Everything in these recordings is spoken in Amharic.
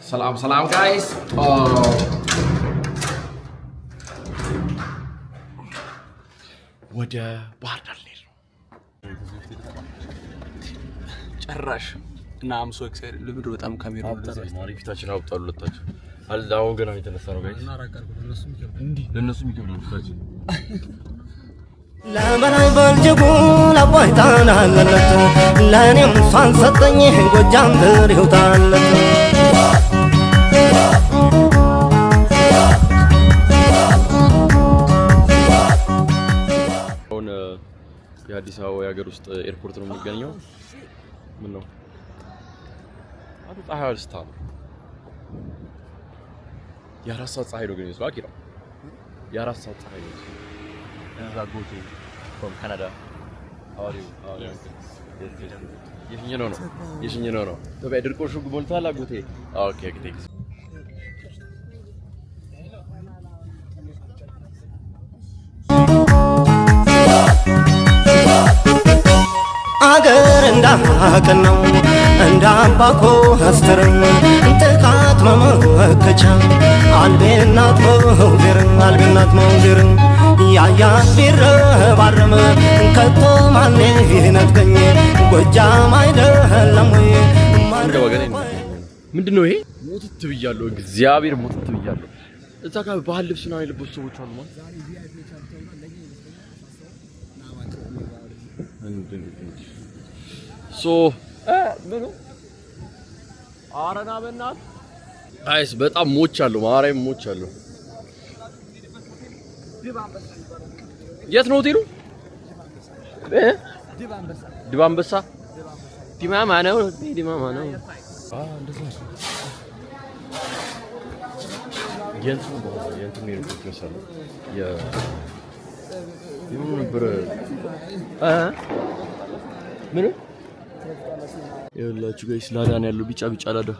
Salam, salam guys. Oh. ወደ ባህር ዳር ልሄድ ነው ጭራሽ እና አምሶ ኤክሳይድ ልምድ በጣም ካሜራ ፊታችን አውጣሉ ለታቸው አሁን ገና የተነሳ ነው ጋይስ ለእነሱ የሚከብድ ነው ፊታችን ለበላይ በልጅጉ ለቆይታን አለለት ለእኔም እሷን ሰጠኝ ጎጃም ድር ይውታለት አዲስ አበባ የሀገር ውስጥ ኤርፖርት ነው የሚገኘው። ምን ነው አቶ ፀሐይ አልስታ ነው የአራት ሰዓት ፀሐይ ነው ግን ይመስላል አኪራ የአራት ሰዓት ፀሐይ ነው ጎቴ ካናዳ የሽኝ ነው ነው የሽኝ ነው ነው ኢትዮጵያ ድርቆሹ ሞልቷል አጎቴ ኦኬ ኦኬ እንዳቀናው እንደ አባኮ አስተርም ጥቃት መመከቻ አልቤናት መውዜርን አልቤናት መውዜርን ያያት ቢረባረም ከቶ ማኔ ነጥቀኝ ጎጃም አይደለም ወይ ምንድን ነው ይሄ? ሞትት ብያለሁ፣ እግዚአብሔር ሞትት ብያለሁ። እዛ ጋር ባህል ልብስ ነው የለበሱ ሰዎች አሉ ማለት ምኑ አረና በናት አይስ በጣም ሞች አሉ። ማራይ ሞች አሉ። የት ነው ሆቴሉ? ድብ አንበሳ ዲማማ ነው። ዲማማ ነው። ምን ይኸውላችሁ ጋይስ ላዳ ነው ያለው፣ ቢጫ ቢጫ ላዳ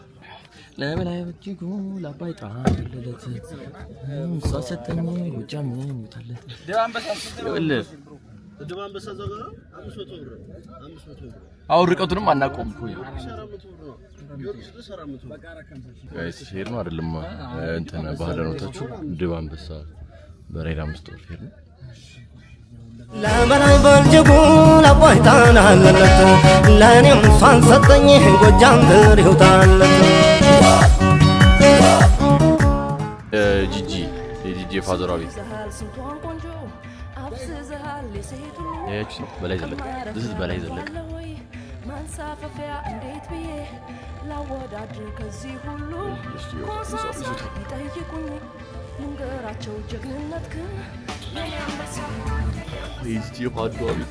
ለምን አይበጅጉ ለአባይ ጣም ለለት እሷ ሰጠኝ ውጫ ምን ይሞታለት አሁን ርቀቱንም አናቆም ሄድ ነው አይደለም እንትን ባህል ነታችሁ ድብ አንበሳ በሬዳ ። አምስት ሄድ ነው ለበላይ በልጅጉ ለቆይታን አለለት ለእኔም እሷን ሰጠኝ ጎጃም ብር ጂጂ የጂጂ የፋዘሯ በላይ ዘለቀ ዝዝ በላይ ዘለቀ ማንሳፈፊያ እንዴት ብዬ ላወዳድር ከዚህ ሁሉ ኮሳሳ ይጠይቁኝ ልንገራቸው ጀግንነት Ne istiyor hadi abi.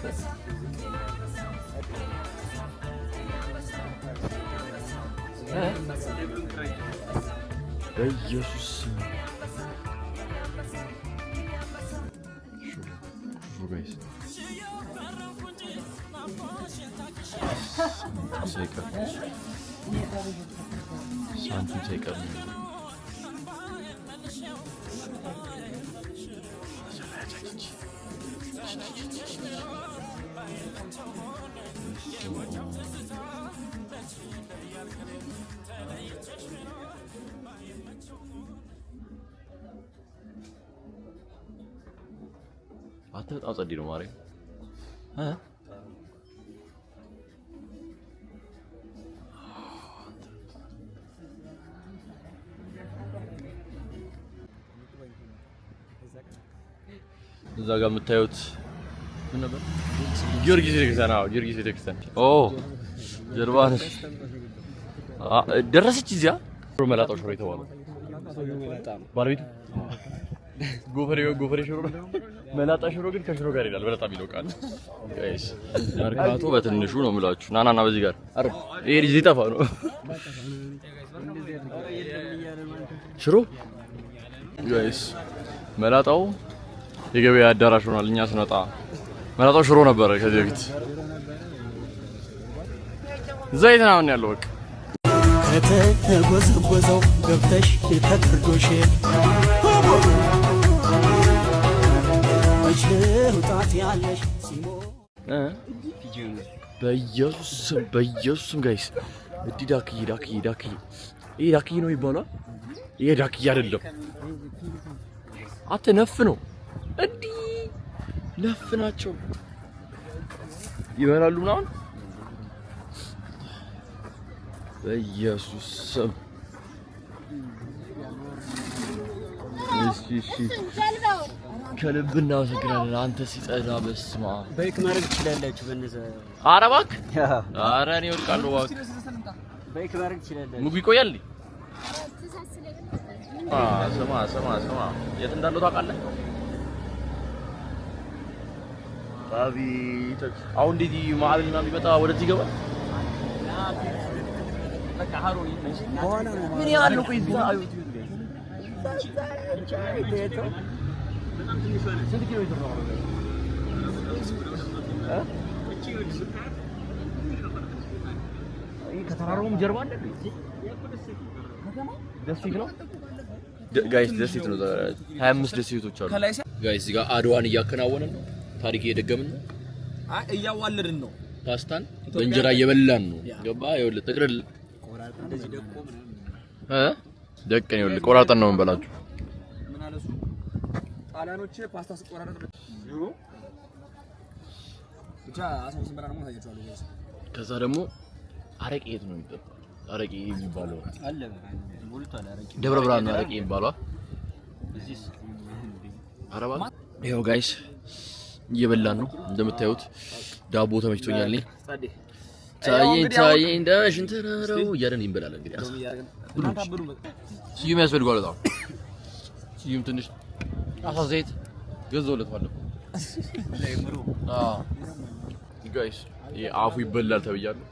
He? Ey Yesus'um. Şurada. Şuradayız. Sen tekrar. Sen tekrar. አንተ በጣም ጸዴ ነው ማርያም እዛ ጋር የምታዩት ምን ነበር? ጊዮርጊስ ቤተክርስቲያን። አዎ ጊዮርጊስ ቤተክርስቲያን። ኦ ጀርባ ነሽ። ደረሰች እዚያ መላጣ ሽሮ የተባለው ባለቤቱ ጎፈሬ ጎፈሬ ሽሮ መላጣ ሽሮ ግን ከሽሮ ጋር ይላል። በጣም ይለውቃል። ጋይስ መርካቶ በትንሹ ነው የምላችሁ። ና ና ና በዚህ ጋር ይሄ ልጅ ሊጠፋ ነው። ሽሮ ጋይስ መላጣው የገበያ አዳራሽ ሆኗል። እኛ ስንወጣ መላጣው ሽሮ ነበረ ከዚህ በፊት ዘይት ምናምን ያለው በቃ ከተጎዘጎዘው ገብተሽ ተቀርዶሽ በኢየሱስም በኢየሱስም ጋይስ እዲ ዳክዬ ዳክዬ ዳክዬ ይሄ ዳክዬ ነው ይባላል። ይሄ ዳክዬ አይደለም፣ አትነፍ ነው እንዲህ ለፍናቸው ናቸው ይበላሉ ምናምን። በኢየሱስ ስም ከልብ እናመሰግናለን። አንተ ሲጸዳ በስማ በይክ ማድረግ ትችላላችሁ። በነዘ ኧረ እባክህ፣ ኧረ እኔ እወድቃለሁ። እባክህ በይክ ማድረግ ትችላላችሁ። ምግቡ ይቆያል። ስማ ስማ ስማ፣ የት እንዳለው ታውቃለህ? አቤት! አሁን እንዴት መሀል ምናምን ቢመጣ ወደዚህ ይገባል። ምን ያህል ከተራራውም ጀርባ ደሴት ነው። ጋይስ ደሴት ነው። ሀያ አምስት ደሴቶች አሉ ጋይስ። እዚህ ጋር አድዋን እያከናወነ ነው ታሪክ እየደገምን ነው። አይ እያዋለድን ነው። ፓስታን በእንጀራ እየበላን ነው። ገባ ይወል ጥቅልል ደቀን ይወል ቆራርጠን ነው የምንበላችሁ። ጣሊያኖች ፓስታ ሲቆራረጥ ከዛ ደግሞ አረቄ የት ነው የሚጠጣው? አረቄ የሚባለው አለ ደብረ ብርሃን አረቄ የሚባለው አረባ ይኸው ጋይስ እየበላን ነው እንደምታዩት። ዳቦ ተመችቶኛል። እኔ ታየኝ ታየኝ ዳሽ እንትናረው እያለን እንበላለን። እንግዲህ ስዩም ያስፈልገዋል በጣም ስዩም ትንሽ አሳ ዘይት ገዝቶለት ባለፈው ጋይስ አፉ ይበላል ተብያለሁ።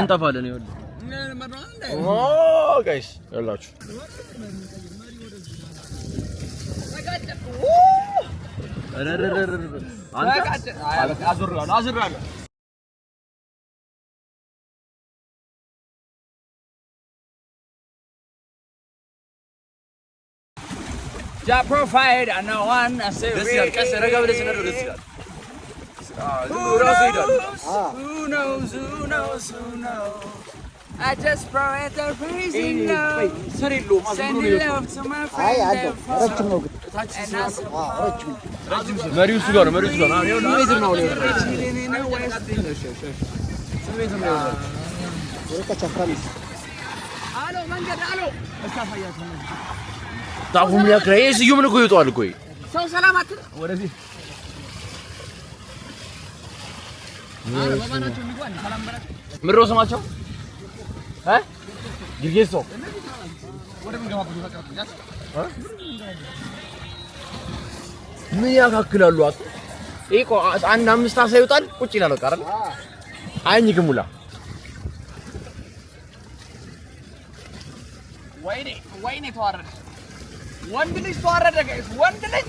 እንጠፋለን። ጋይስ ያላችሁ ራሱ ሄዳል። ስር የለውም መሪው እሱ ጋር ነው። መሪው እሱ ጋር ነው። ጣፉ ምን ያክል ይሄ ስዩም እኮ ይወጣዋል እኮ ወደዚህ ምሮ ስማቸው እ ግርጌሶ ምን ያካክላሉ? እኮ አንድ አምስት አሳ ይውጣል ቁጭ ይላል። በቃ አይደል ግሙላ ወይኔ ወይኔ ተዋረደ ወንድ ልጅ ተዋረደ ወንድ ልጅ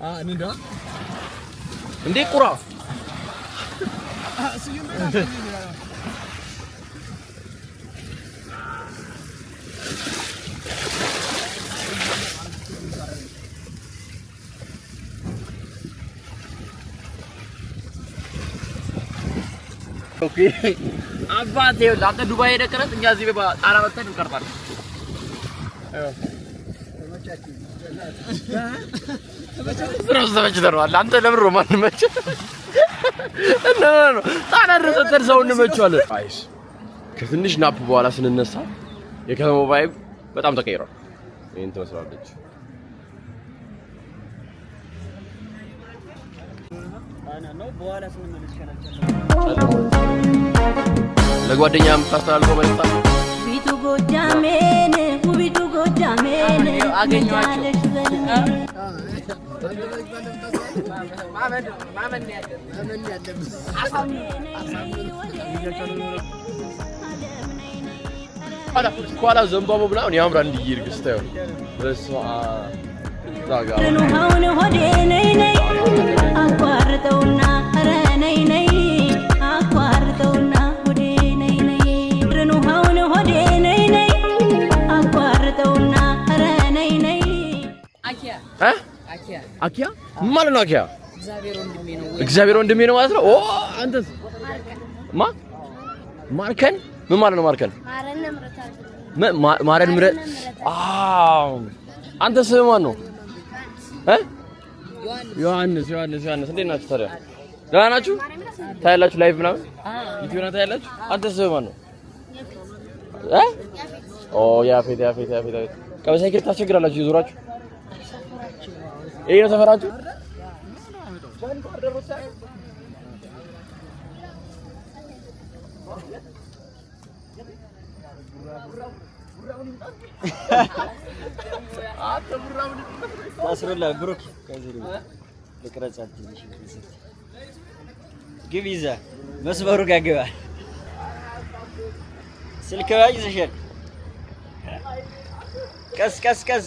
Ah, ano daw? Hindi Oke. Apa dia? Lah Dubai ada kan tinggal sih Pak. Arah kan Ayo. ስራው ተመችተነዋል። አንተ ለምን ሮማን መች ነው ጣና ድረስ ሰው እንመቸዋለን። አይስ ከትንሽ ናፕ በኋላ ስንነሳ የከተማው ቫይብ በጣም ተቀይሯል። ይሄን ትመስላለች። ለጓደኛ የምታስተላልፈው መልእክት ቢቱ ጎጃሜን ውቢቱ ጎጃሜን አገኘኋቸው ከኋላ ዘንባባ ምናምን ያምራል። እንድይር ግስታዩ በስመ አብ ዛጋ አቋርጠውና ኧረ ነይ ነይ አኪያ ማለት ነው። አኪያ እግዚአብሔር ወንድሜ ነው ማለት ነው። ኦ አንተስ ማ ማርከን ምን ማለት ነው? ማርከን ማረን ምረት። አዎ አንተስ ማን ነው? እ ዮሐንስ ዮሐንስ ዮሐንስ እንዴት ናችሁ ታዲያ? ደህና ናችሁ? ታያላችሁ ላይቭ ምናምን ዩቲዩብ ታያላችሁ። አንተስ ማን ነው? እ ኦ ያፌት ያፌት ያፌት ቀበሳይ ከታችሁ ግራላችሁ ይዞራችሁ ይሄ ነው ሰፈራችሁ? ግብ ይዘህ መስመሩ ጋር ግባ። ስልክ ይዘሻል። ቀስ ቀስ ቀስ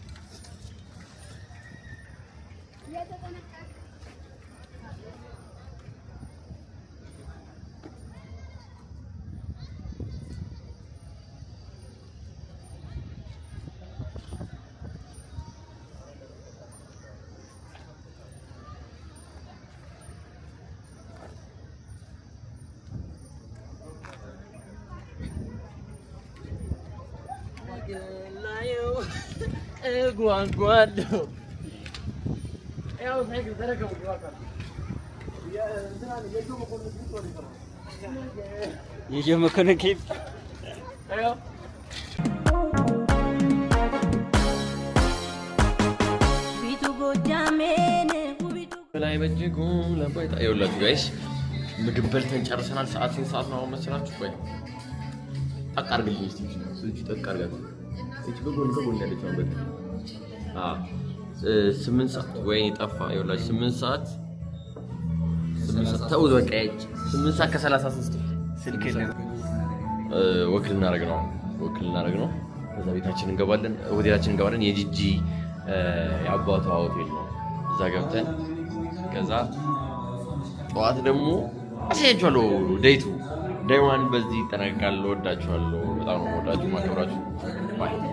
ላየው እጓጓለሁ። የጆ መኮንን ኬፕ ላይ በእጅጉ ለቆይታ የሁላችሁ ጋይስ ምግብ በልተን ጨርሰናል። ሰዓት ሰዓት ነው መስራችሁ? ጠቅ አድርግልኝ እስኪ ጠቅ አድርጋችሁ እች በጎን በጎን ያለች ነው። በቃ አዎ፣ ስምንት ሰዓት ወይኔ ጠፋ። ይኸውላችሁ ስምንት ሰዓት ተውት፣ በቃ ስምንት ሰዓት ከሰላሳ ሦስት ወክል እናደርግ ነው፣ ወክል እናደርግ ነው። ከዛ ቤታችን እንገባለን፣ ሆቴላችን እንገባለን። የጂጂ የአባቷ ሆቴል ነው። እዛ ገብተን ከዛ ጠዋት ደግሞ አሳያችኋለሁ ዴይቱ ዳይዋን በዚህ ይጠናቀቃል። ወዳችኋለሁ። በጣም ነው ወዳችሁ ማከብራችሁ።